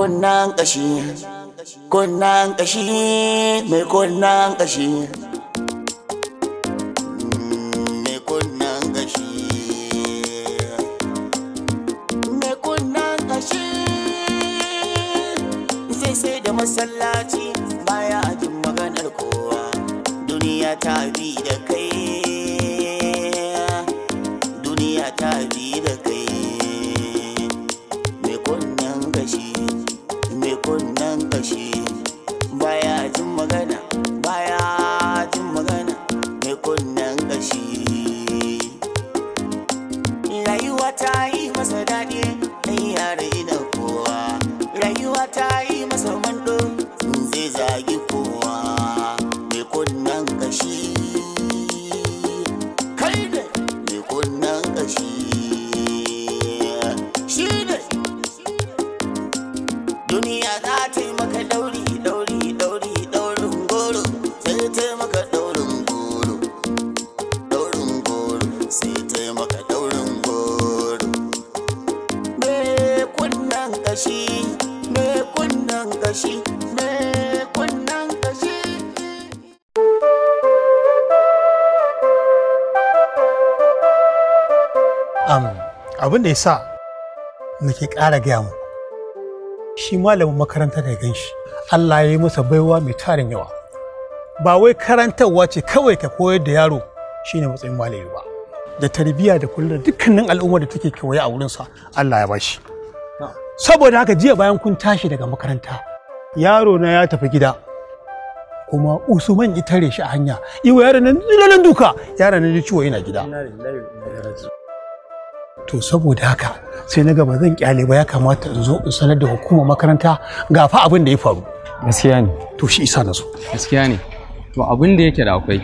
kunnan kashi kunnan kashi mai kunnan kashi abin da ya sa nake ƙara gaya mu shi malamin makaranta da gan shi Allah ya yi masa baiwa mai tarin yawa ba wai karantarwa ce kawai ka koyar da yaro shine matsayin malami ba da tarbiyya da kullum dukkanin al'umma da take kewaye a wurinsa Allah ya bashi saboda haka jiya bayan kun tashi daga makaranta yaro na ya tafi gida kuma usman ya tare shi a hanya iwa yaron nan duka yaron nan ya ciwo yana gida to saboda haka sai na gaba zan kyale ba ya kamata in zo in sanar da hukumar makaranta ga fa abin da ya faru gaskiya ne to shi isa na so. gaskiya ne to abin da yake da akwai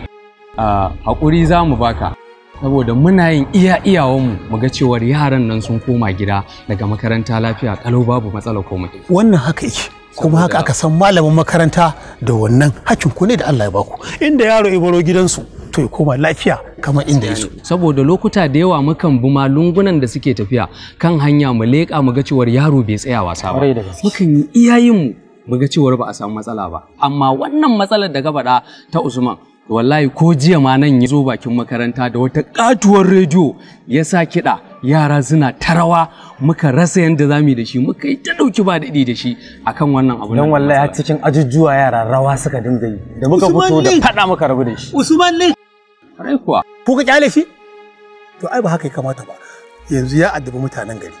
hakuri za mu baka saboda muna yin iya iyawanmu mu ga cewar yaran nan sun koma gida daga makaranta lafiya kalau babu matsala komai wannan haka yake kuma haka aka san malamin makaranta da wannan hakin ku ne da Allah ya baku inda yaro ya baro gidansu to ya koma lafiya kamar inda ya saboda lokuta da yawa mukan bi malungunan da suke tafiya kan hanya mu leƙa mu ga cewar yaro bai tsaya wasa ba mukan yi iyayen mu ga cewar ba a samu matsala ba amma wannan matsalar da gaba ta Usman wallahi ko jiya ma nan ya zo bakin makaranta da wata katuwar rediyo ya sa kiɗa yara suna tarawa muka rasa yadda za mu yi da shi muka yi ta ɗauki ba daɗi da shi akan wannan abu don wallahi a cikin ajujuwa yara rawa suka dinga yi da muka fito da faɗa muka rabu da shi usman ne rai kuwa ko ka kyale shi to ai ba haka ya kamata ba yanzu ya addabi mutanen gari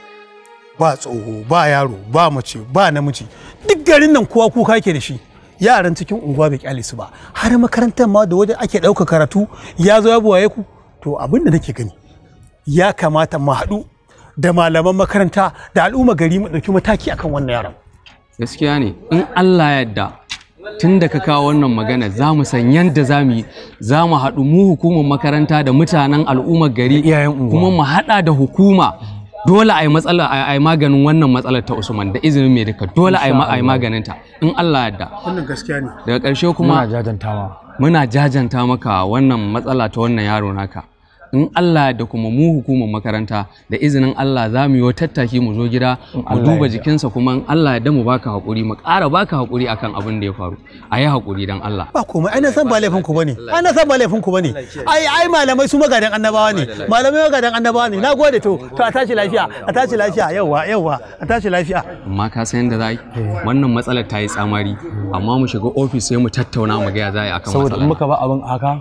ba tsoho ba yaro ba mace ba namiji duk garin nan kowa kuka ke da shi yaran cikin unguwa bai kyale su ba har makarantar ma da wajen ake ɗauka karatu ya zo ya buwaye ku to abin da nake gani ya kamata mu haɗu da malaman makaranta da al'umma gari mu ɗauki mataki akan wannan yaron gaskiya ne in Allah yadda tun da ka kawo wannan magana za mu san yadda za mu yi za mu haɗu mu hukumar makaranta da mutanen al'ummar gari kuma mu haɗa da hukuma dole a yi matsala a yi maganin wannan matsalar ta Usman da izinin mai duka dole a yi maganin ta in Allah yadda wannan gaskiya ne daga ƙarshe kuma muna jajanta maka wannan matsala ta wannan yaro naka in Allah da kuma mu hukumar makaranta da izinin Allah za mu yi tattaki mu zo gida mu duba jikinsa kuma in Allah ya mu baka hakuri mu ƙara baka hakuri akan abin da ya faru a yi hakuri dan Allah ba komai ai na san ba laifin ku bane ai na san ba laifin ku bane ai ai malamai su magadan annabawa ne malamai magadan annabawa ne nagode to to a tashi lafiya a tashi lafiya yawa yawa a tashi lafiya amma ka san yadda za yi wannan matsalar ta yi tsamari amma mu shiga ofis sai mu tattauna mu ga ya za a yi akan matsalar saboda in muka ba abin haka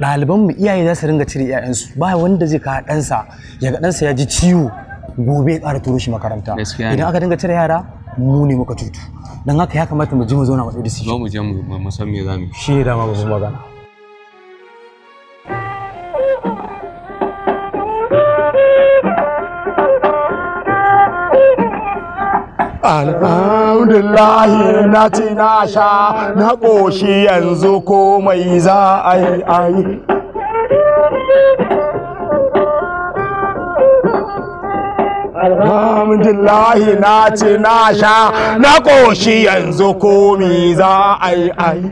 ɗaliban mu iyaye za su ringa cire ƴaƴansu ba wanda zai ka ɗansa ya ga ɗansa ya ji ciwo gobe ya ƙara turo shi makaranta idan aka dinga cire yara mu ne muka cutu don haka ya kamata mu ji mu zauna matsayi da su mu je mu san me mu shi ne dama babu magana ah. alhamdulillahi na ci na sha na ƙoshi yanzu komai za a yi a yi na ci na sha na ƙoshi yanzu komi za a yi a yi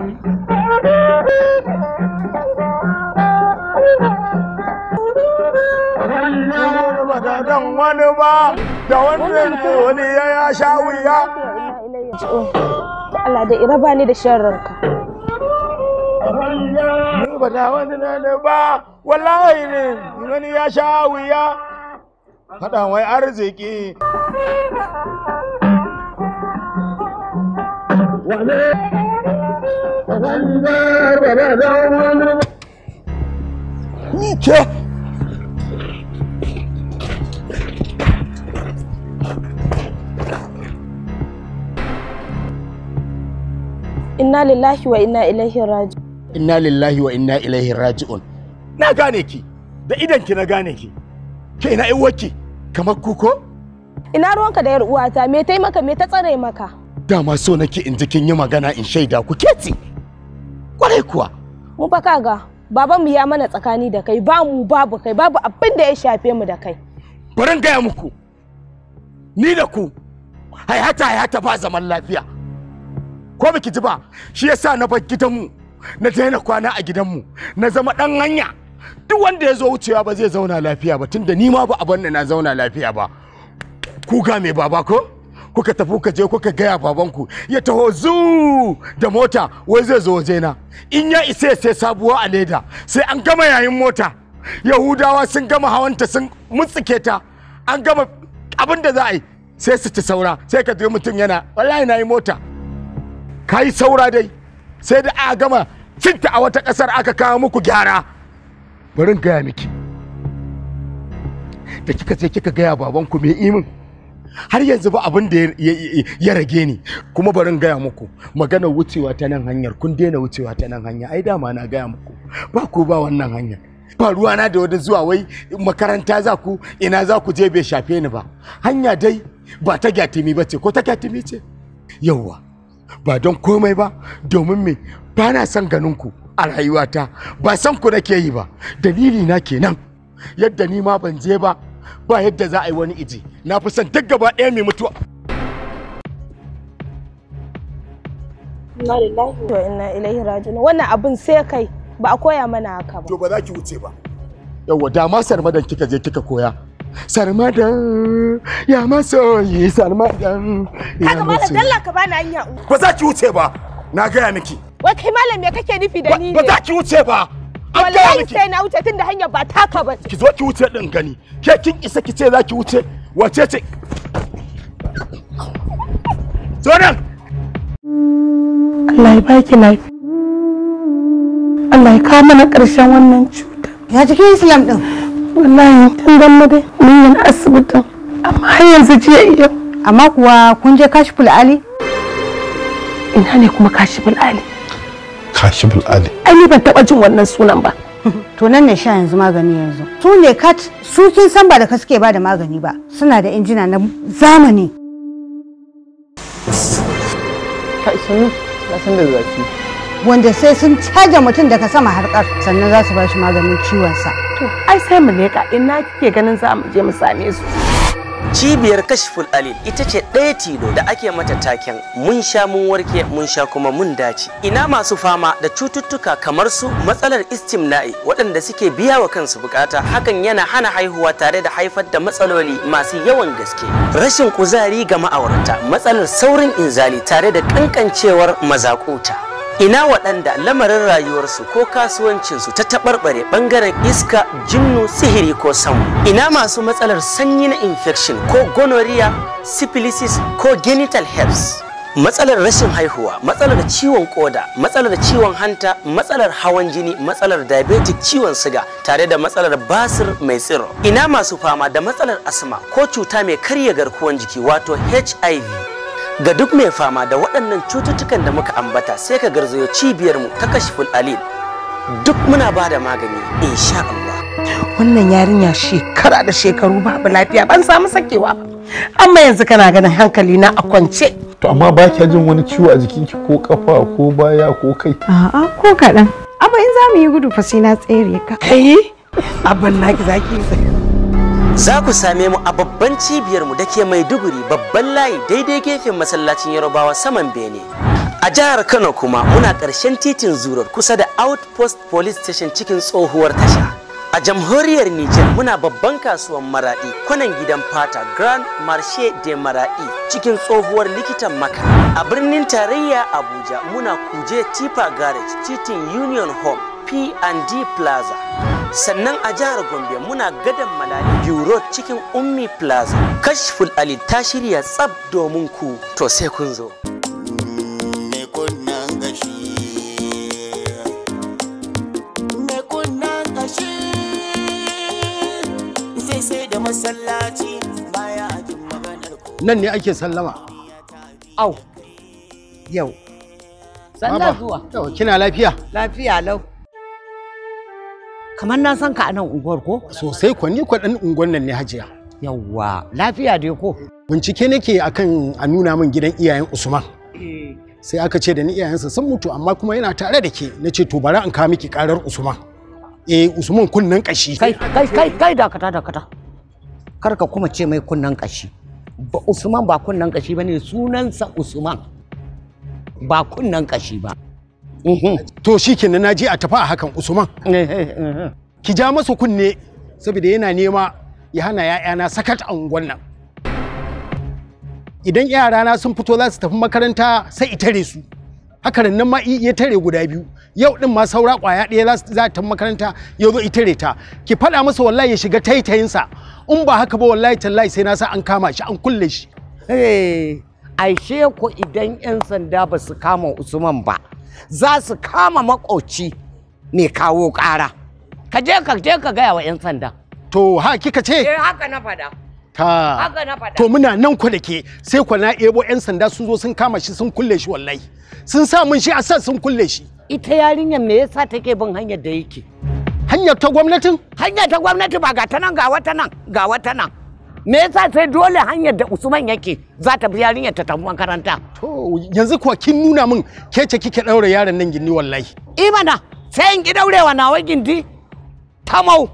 wani ba da wannan tuniya ya sha wuya Oh, Allah da iraba ni da sharranka. Ni ba da wani ba, wallahi ne, wani ya sha wuya. faɗa wai arziki. Ni ke inna lillahi wa inna ilaihi raji'un inna lillahi wa inna ilaihi raji'un na gane ki da idan ki na gane ki ke ina yan wacce kamar kuko ina ruwanka da yar uwata me tai maka me ta tsare maka dama so nake in ji kin yi magana in shaida ku keti kwarai kuwa mu fa kaga baban mu ya mana tsakani da kai ba mu babu kai babu abin da ya shafe mu da kai bari gaya muku ni da ku hayata-hayata ba zaman lafiya ko baki ji ba shi yasa na bar gidanmu na daina kwana a gidanmu na zama dan hanya duk wanda ya zo wucewa ba zai zauna lafiya ba tunda ni ma ba abin a na zauna lafiya ba kuka mai baba ko kuka tafi kuka je kuka gaya babanku ya taho zu da mota wai zai zo na in ya isa sai sabuwa a leda sai an gama yayin mota yahudawa sun gama hawanta sun mutsike ta an gama abin da za a yi sai su ci saura sai ka je mutum yana wallahi na yi mota ka saura dai sai da aka gama cinta a wata ƙasar aka kawo muku gyara bari in gaya miki da kika ce kika gaya babanku mai imin har yanzu ba abin da ya rage ni kuma bari in gaya muku maganar wucewa ta nan hanyar kun daina wucewa ta nan hanya ai dama na gaya muku ba ku ba wannan hanyar ba na da wani zuwa wai makaranta za ku ina za ku je bai shafe ni ba hanya dai ba ta gyatimi ba ko ta gyatimi ce yauwa ba don komai ba domin me ba na son ganin ku a rayuwata ba san ku nake yi ba dalili na kenan yadda ni ma ban je ba ba yadda za a yi wani iji na fi son duk gaba ɗaya mai mutuwa inna ilaihi raji'un wannan abin sai kai ba a koya mana haka ba to ba za ki wuce ba yawwa da ma sarmadan kika je kika koya sarmadan ya masoyi sarmadan ya masoyi kaga malam ka bani hanya ba za ki wuce ba na gaya miki wai kai malam me kake nufi da ni ne ba za ki wuce ba an gaya miki sai na wuce tunda hanyar ba taka ba ki zo ki wuce din gani ke kin isa ki ce za ki wuce wace ce zo nan Allah ya baki lafiya Allah ya kawo mana ƙarshen wannan cuta ya jike islam din wallahi tun dan mu dai mun yi asibitin amma har yanzu jiya iya amma kuwa kun je kashiful ali ina ne kuma kashiful ali kashiful ali ai ni ban taba jin wannan sunan ba to nan ne sha yanzu magani yanzu su ne kat su kin san ba da ka suke ba da magani ba suna da injina na zamani ka isanu na san da zafi wanda sai sun caja mutum daga sama harkar sannan za su ba shi maganin ciwonsa. To, ai sai mu leƙa ina kike ganin za mu je mu same su. Cibiyar Kashiful Alil ita ce ɗaya tilo da ake mata taken mun sha mun warke mun sha kuma mun dace. Ina masu fama da cututtuka kamar su matsalar istimna'i waɗanda suke biya wa kansu bukata hakan yana hana haihuwa tare da haifar da matsaloli masu yawan gaske. Rashin kuzari ga ma'aurata matsalar saurin inzali tare da kankancewar mazakuta. ina waɗanda lamarin rayuwarsu ko kasuwancinsu ta taɓarɓare ɓangaren iska jinnu sihiri ko samu ina masu matsalar sanyi na infection ko gonorrhea syphilis ko genital herpes matsalar rashin haihuwa matsalar ciwon koda matsalar ciwon hanta matsalar hawan jini matsalar diabetic ciwon siga tare da matsalar basir mai tsiro ina masu fama da matsalar asma ko cuta mai karya garkuwan jiki wato hiv Ga duk mai fama da waɗannan cututtukan da muka ambata sai ka garzayo cibiyarmu ta kashiful alil. Duk muna ba da magani insha Allah. Wannan yarinya shekara da shekaru babu lafiya ban samu sakewa ba. Amma yanzu kana ganin hankali na a kwance. To amma ba kya jin wani ciwo a jikinki ko kafa ko baya ko kai? A'a ko kaɗan. Abba in za mu yi gudu fa sai na tsere ka. Kai? abin naki zaki yi Za ku same mu a babban cibiyarmu da ke Maiduguri babban layi daidai gefen masallacin Yarobawa saman Bene. A jihar Kano kuma muna ƙarshen titin zurar kusa da Outpost Police Station cikin tsohuwar tasha. A jamhuriyar Nijar muna babban kasuwan maraɗi kwanan gidan fata Grand Marché de Maraɗi cikin tsohuwar likitan maka. A birnin tarayya Abuja muna kuje Tipa Garage titin Union Home P&D Plaza. sannan a jihar gombe muna gadan malali biro cikin ummi plaza kashful ali ta shirya tsab domin ku to sai kun zo nan ne ake sallama au yau sannan zuwa kina lafiya lafiya lau kamar na san ka a nan unguwar ko sosai ko ni ko dan unguwar nan ne hajiya yawwa lafiya dai ko bincike nake akan a nuna min gidan iyayen usman eh. sai aka ce da ni iyayensa sun mutu amma kuma yana tare da ke na ce to bara in kawo miki karar usman eh usman kunnan kashi kai kai kai kai dakata dakata kar ka kuma ce mai kunnan kashi ba usman ba kunnan kashi bane sunansa usman ba kunnan kashi ba to shi kenan na ji a tafa a hakan usman ki ja masa kunne saboda yana nema ya hana ‘ya'yana sakat a unguwan nan idan yarana sun fito za su tafi makaranta sai i tare su hakanan nan ma ya tare guda biyu yau din ma saura kwaya ɗaya za ta makaranta ya zo itare ta ki faɗa masa wallahi ya shiga taitayinsa in ba haka ba wallahi tallahi sai na sa an kama shi an kulle shi. Eh, ai ashe idan 'yan sanda ba su kama Usman ba za su kama makoci mai kawo ƙara ka je ka je ka gaya wa 'yan sanda to ha kika ce eh haka na fada ta haka na fada to muna nan ku da ke sai ku na ebo 'yan sanda sun zo sun kama shi sun kulle shi wallahi sun sa mun shi a sa sun kulle shi ita yarinyar me yasa take bin hanyar da yake hanyar ta gwamnatin hanyar ta gwamnati ba ga ta nan ga wata nan ga wata nan me yasa sai dole hanyar da Usman yake za ta bi yarinyar ta tafi makaranta to yanzu kuwa kin nuna min ke ce kike daure yaron nan gindi wallahi imana eh sai in ki daurewa nawa gindi tamau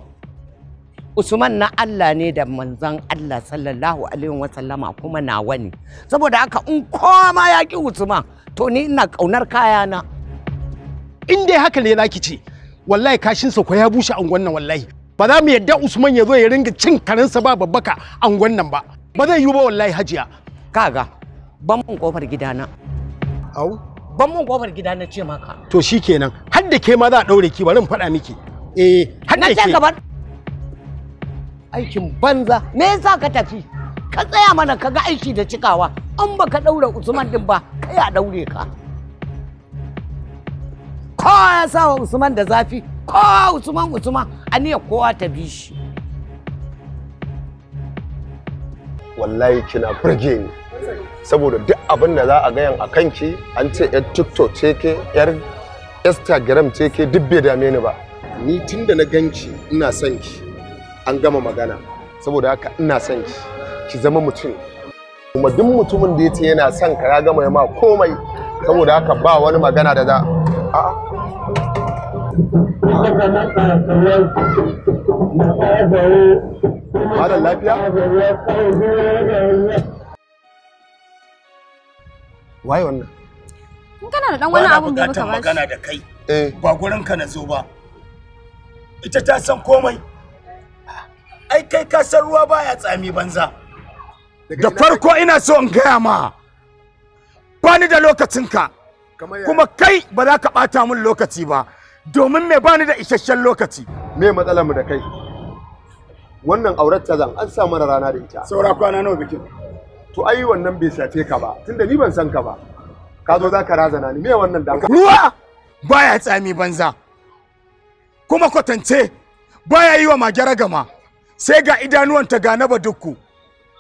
Usman na Allah ne da manzan Allah sallallahu alaihi wa sallama kuma nawa ne saboda haka in koma ya Usman to ni ina kaunar kayana in dai haka ne zaki ce wallahi kashin sa ko ya bushe an wannan wallahi ba za mu yadda usman ya zo ya ringa cin karensa ba babbaka an gwannan ba ba zai yi ba wallahi hajiya kaga ban mun kofar gidana au ban mun kofar gidana ce maka to shikenan har da ke ma za a daure ki bari in faɗa miki eh har da ke aikin banza me yasa ka tafi ka tsaya mana kaga aiki da cikawa an baka daura usman din ba kai a daure ka kowa ya wa usman da zafi kowa usman usman aniyar kowa ta bi shi wallahi kina burge ni saboda duk abin da za a gayan a kanki an ce yar tiktok ce ke yar instagram ce ke duk bai dame ni ba ni tun da na ganki ina son ki an gama magana saboda haka ina son ki ki zama mutum kuma duk mutumin da ya ce yana son ka ya gama ya ma komai saboda haka ba wani magana da za a'a haka matasarar da ƙafawo mara lafiya? waye wannan? in kana da dan wani abun bai baka ba magana da kai eh. ba gurin ka na zo ba ita ta san komai ai kai ka san ruwa baya tsami banza da farko ina so in gaya ma bani da lokacinka kuma kai ba za ka ɓata min lokaci ba domin me bani da isasshen lokaci me matsalar mu da kai wannan aurar ta zan an sa mana rana da ita saura kwana nawa bikin to ai wannan bai shafe ka ba tunda ni ban san ka ba ka zo zaka razana ni me wannan da ruwa baya tsami banza kuma kwatance baya yi wa magyara gama sai ga idanuwan ta gane ba dukku.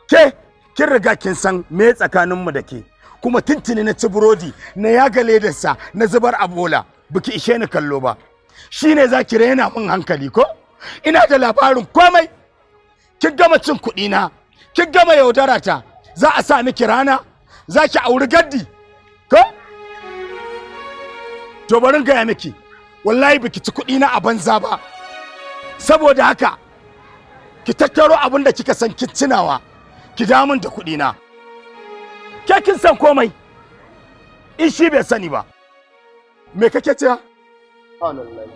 ke kin riga kin san me tsakaninmu da ke kuma tuntuni na ci burodi na yaga ledarsa na zubar a bola biki ishe ni kallo ba shine za ki raina min hankali ko ina da labarin komai ki gama cin kuɗi na ki gama yaudara ta za a sa miki rana za ki auri gaddi ko to bari gaya miki wallahi biki ci kuɗi na a banza ba saboda haka ki tattaro abin da kika san kin tunawa ki damun da kuɗi na ke kin san komai in shi bai sani ba me kake wallahi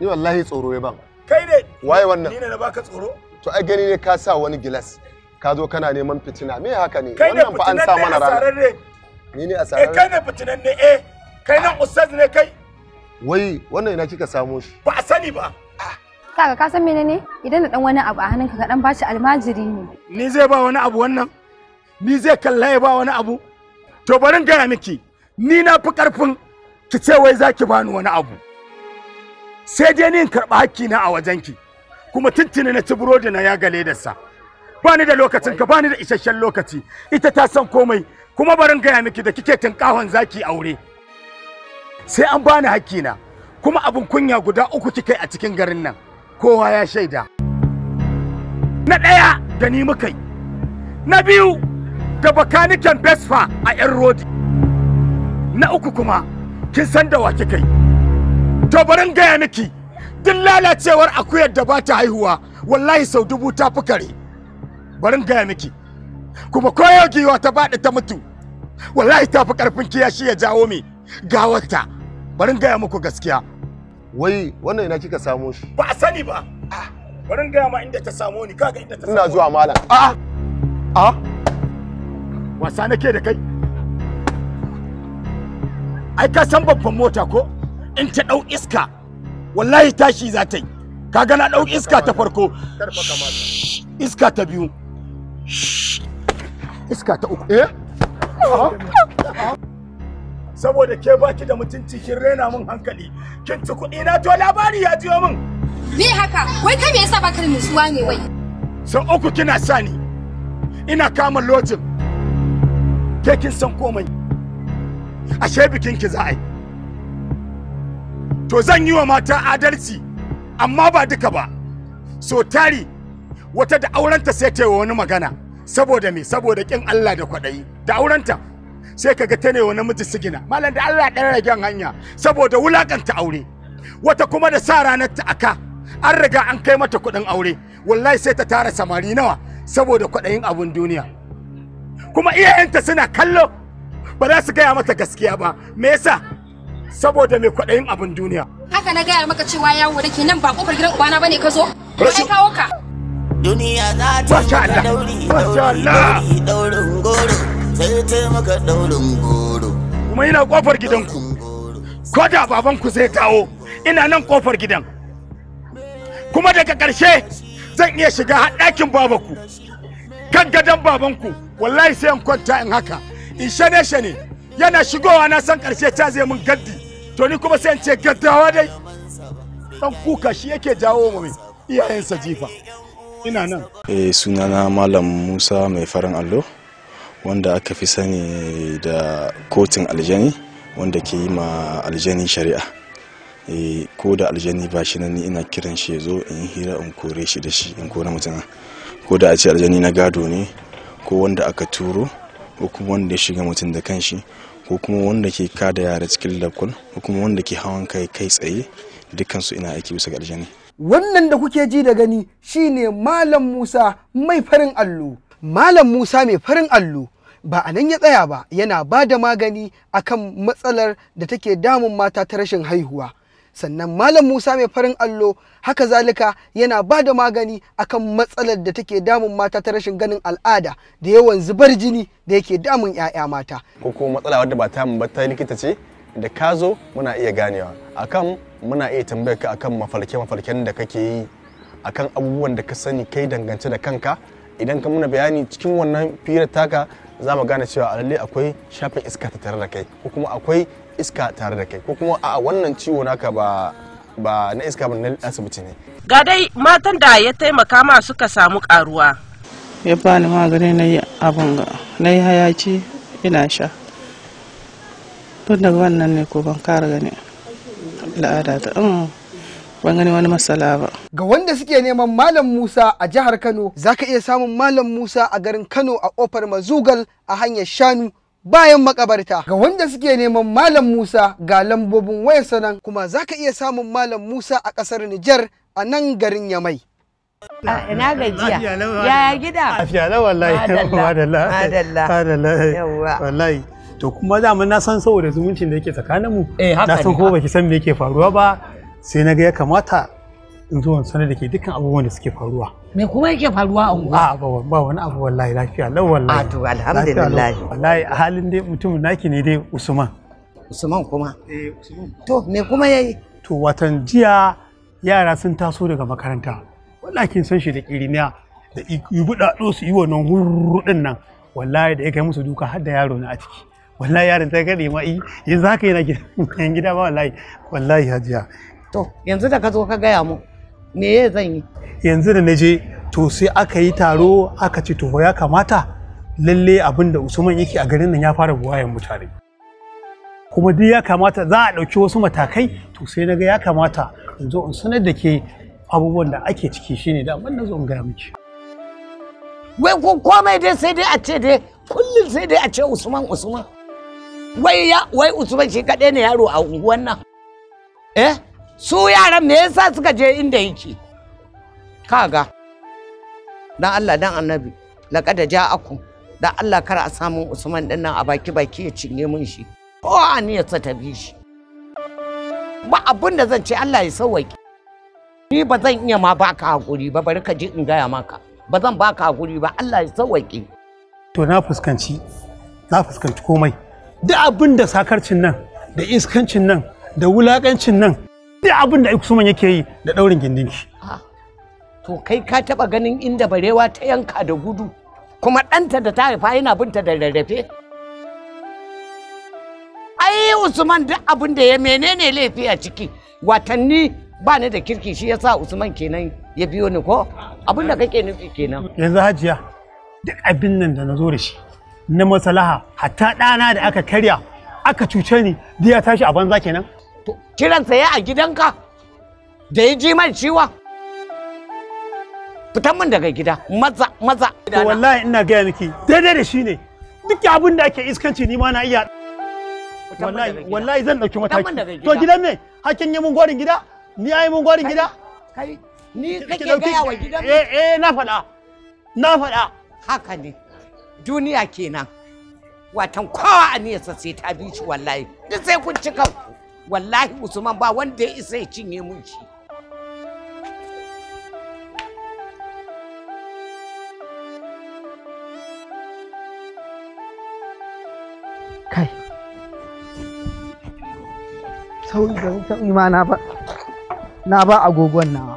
ni wallahi tsoro ya ban kai ne waye wannan ni ne na baka tsoro to ai gani ne ka sa wani gilas ka zo kana neman fitina me haka ne wannan fa an sa mana rana ni ne a sarare eh kai ne fitinan ne eh kai nan ustaz ne kai wai wannan ina kika samo shi ba a sani ba kaga ka san menene idan na dan wani abu a hannunka ka dan bashi almajiri ne ni zai ba wani abu wannan ni zai kalla ya ba wani abu to barin gaya miki ni na fi karfin ki ce wai za ki bani wani abu sai dai ni in karɓi na a ki. kuma tuntuni na ci burodi na ya gale da sa bani da lokacin ka bani da isasshen lokaci ita ta san komai kuma barin gaya miki da kike tunkahon zaki aure sai an bani na kuma abin kunya guda uku kika a cikin garin nan kowa ya shaida na ɗaya da ni muka na biyu da bakaniken besfa a yan rodi na uku kuma kin san da wa kika yi to barin gaya miki duk lalacewar akuyar da ba ta haihuwa wallahi sau dubu ta fi kare barin gaya miki kuma koyo giwa ta bada ta mutu wallahi ta fi ƙarfin kiyashi ya jawo mi gawarta barin gaya muku gaskiya wai wannan ina kika samo shi ba a sani ba ah. barin gaya ma inda ta samo ni kaga inda ta samo ina zuwa malam a ah. a ah. wasa nake da kai ai ka san babban mota ko in ta dau iska wallahi tashi za ta yi ka na dau iska ta farko iska ta biyu iska ta uku eh saboda ke baki da mutunci kin rena min hankali kin ci kuɗi na to labari ya jiyo min me haka wai ka me yasa baka da nutsuwa ne wai sau uku kina sani ina kama lojin ke kin san komai ashe bikin ki za a yi to zan yi wa mata adalci amma ba duka ba so tari wata da aurenta sai ta yi wani magana saboda me saboda kin Allah da kwaɗayi da aurenta sai kaga ga ta ne wani miji sigina malam da Allah ɗan ragen hanya saboda wulakanta aure wata kuma da sa ranar ta aka an riga an kai mata kuɗin aure wallahi sai ta tara samari nawa saboda kwaɗayin abun duniya kuma iyayenta suna kallo ba za su gaya mata gaskiya ba me yasa saboda mai kwaɗayin abin duniya haka na gaya maka cewa yawo da ke nan ba kofar gidan ubana bane ka zo ba kawo ka duniya za ta maka dauri dauri daurin goro sai ta maka daurin goro kuma ina kofar ku. ko da ku zai kawo ina nan kofar gidan kuma daga ƙarshe zan iya shiga hadakin ɗakin babanku kan gadon babanku wallahi sai in kwanta in haka in shane shane yana shigowa na san karshe ta zai mun gaddi to ni kuma sai in ce gaddawa dai dan kuka shi yake jawo mu iyayensa jifa ina nan eh sunana malam Musa mai farin allo wanda aka fi sani da kotun aljani wanda ke yi ma aljani shari'a e, ko da aljani ba shi nan ina kiran shi zo in hira in kore shi da shi in kore mutuna ko da a ce aljani na gado ne ko wanda aka turo ko kuma wanda ya shiga mutum da kanshi ko kuma wanda ke kada yara cikin lakul ko kuma wanda ke hawan kai kai tsaye dukansu ina aiki bisa ga aljani wannan da kuke ji da gani shine malam musa mai farin allo malam musa mai farin allo ba a nan ya tsaya ba yana ba da magani akan matsalar da take damun mata ta rashin haihuwa sannan malam musa mai farin allo haka zalika yana ba da magani akan matsalar da take damun mata ta rashin ganin al'ada da yawan zubar jini da yake damun 'ya'ya mata ko kuma matsala wadda ba ta ba ta likita ce da ka zo muna iya ganewa akan muna iya tambayar ka akan mafarke mafarken da kake yi akan abubuwan da ka sani kai dangance da kanka idan ka muna bayani cikin wannan firar taka za mu gane cewa a akwai shafin iska ta tare da kai ko kuma akwai iska tare da kai ko kuma a wannan ciwo naka ba ba na iska ba na asibiti ne ga dai matan da ya taimaka ma suka samu karuwa ya ba ni magani na yi abin ga na yi hayaci ina sha tun daga wannan ne ko ban kara gani al'ada ta um, ban gani wani matsala ba. Ga wanda suke neman Malam Musa a jihar Kano, za ka iya samun Malam Musa a garin Kano a ƙofar Mazugal a hanyar Shanu bayan makabarta ga wanda suke neman malam Musa ga lambobin waya sanan kuma za ka iya samun malam Musa a kasar Nijar a nan garin Yamai na gajiya ya gida lafiya na wallahi madalla madalla wallahi to kuma da mun na san saboda zumuncin da yake tsakanin mu eh, na san ko baki san me yake faruwa ba sai na ga ya kamata in zo in sanar da ke dukkan abubuwan da suke faruwa me kuma yake faruwa a unguwa a ba wani abu wallahi lafiya lau wallahi a to alhamdulillah wallahi a halin dai mutum naki ne dai usman usman kuma eh usman to me kuma yayi to watan jiya yara sun taso daga makaranta wallahi kin san shi da kiriniya da ibuda do su yi wannan hurrudin nan wallahi da ya kai musu duka har da yaro na a ciki wallahi yaron ta gade ma eh, yanzu haka yana gida ba wallahi wallahi hajiya to yanzu da ka zo ka gaya mu me zan yi yanzu da na je to sai aka yi taro aka ce to ya kamata lalle abin da usman yake a garin nan ya fara buwayen mutane kuma duk ya kamata za a ɗauki wasu matakai to sai na ga ya kamata in zo in sanar da ke abubuwan da ake ciki shine da amma na zo in gaya miki wai ko komai dai sai dai a ce dai kullum sai dai a ce usman usman wai ya wai usman shi kaɗai ne yaro a unguwan nan eh su yaran me yasa suka je inda yake kaga dan Allah dan annabi laqad ja'akum dan Allah kar a samu Usman dinnan a baki baki ya cinye mun shi ko aniyarsa ta bi shi ba abin da zan ce Allah ya sauwaki ni ba zan iya ma baka hakuri ba bari ka ji in gaya maka ba zan baka hakuri ba Allah ya sauwaki to na fuskanci na fuskanci komai duk abin da sakarcin nan da iskancin nan da wulakancin nan duk abin da Usman yake yi da daurin gindin shi to kai ka taba ganin inda barewa ta yanka da gudu kuma ɗanta da ta haifa yana binta da rarrafe ai Usman duk abin da ya menene laifi a ciki watanni ba ni da kirki shi yasa Usman kenan ya biyo ni ko abin da kake nufi kenan yanzu hajiya duk abin nan da na zo da shi na masalaha hatta ɗana da aka karya aka cuce ni biya tashi a banza kenan kiran tsaye a gidanka da ya ji mai ciwa? fitan min daga gida maza maza to wallahi ina gaya miki daidai da shi ne duk abin da ake iskanci ni ma na iya wallahi wallahi zan dauki mataki to gidan ne hakin yi mun gwarin gida ni ayi mun gwarin gida kai ni kake gaya wa gidan eh eh na faɗa na faɗa haka ne duniya kenan watan kowa aniyarsa sai ta bi shi wallahi duk sai kun ci kanku wallahi usman ba wanda ya isa ya cinye mun shi kai Sauyi da ma ba na ba agogon nawa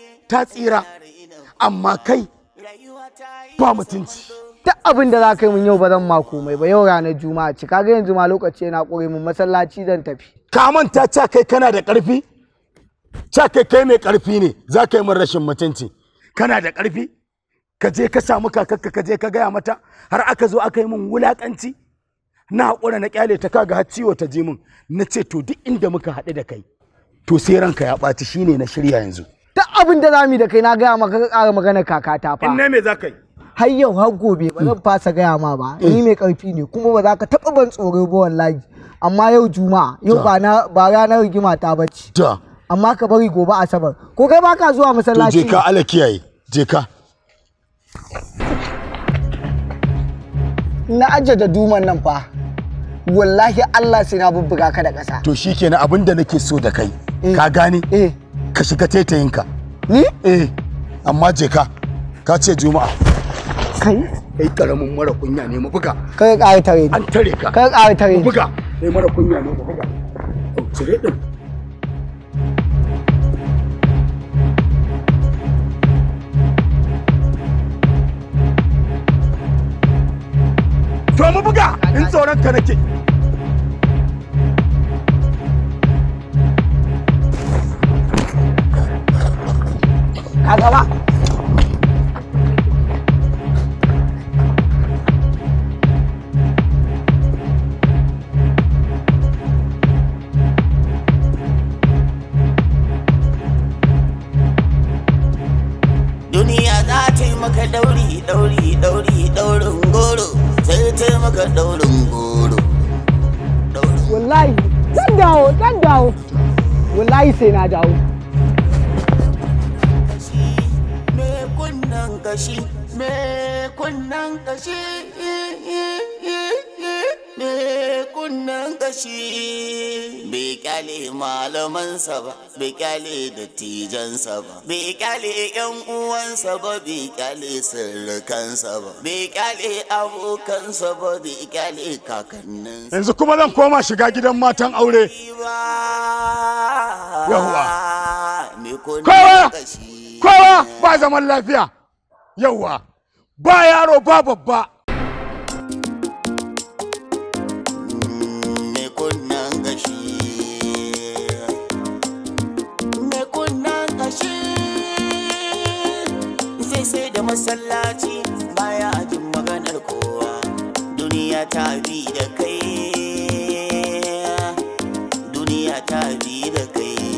ta tsira amma kai ba mutunci duk abin da za ka yi min yau ba zan ma komai ba yau ranar juma'a ci kaga yanzu ma lokaci yana kore min masallaci zan tafi ka manta ca kai kana da ƙarfi ca kai kai mai karfi ne za ka yi min rashin mutunci kana da karfi ka je ka samu kakakka ka je ka gaya mata har aka zo aka yi min wulakanci na haƙura na ƙyale ta kaga har ciwo ta ji min na ce to duk inda muka haɗu da kai to sai ranka ya ɓaci shine na shirya yanzu duk abin da zamu da kai na gaya maka ƙara magana kakata fa in me za yi har yau har gobe ba zan fasa gaya ma ba ni mai karfi ne kuma ba za ka taɓa ban tsoro ba wallahi amma yau juma'a yau ba na ba ranar rigima ta bace amma ka bari gobe asabar ko kai baka zuwa masallaci je ka ala kiyaye je ka na ajjada duman nan fa wallahi Allah sai na bubbuga ka da ƙasa to shikenan abin da nake so da kai eh. ka gane eh ka shiga tetayinka ni hmm? eh amma je ka ka ce juma'a kai kai karamin mara kunya ne mu buga ka ƙare tare an tare ka kai ƙare tare mu buga kai mara kunya ne mu buga cire din To mu buga in tsoron ka nake a duniya za maka dauri ta wallahi zan dawo wallahi na dawo kashi me kunnan kashi me kunnan kashi bai kyale sa ba bai kyale sa ba bai kyale yan uwansa ba bai kyale sirrikansa ba bai kyale abokansa ba bai kyale sa. yanzu kuma zan koma shiga gidan matan aure yahuwa kowa kowa ba zaman lafiya yawa ba yaro ba babba masallaci baya jin maganar kowa duniya ta bi da kai duniya ta bi da kai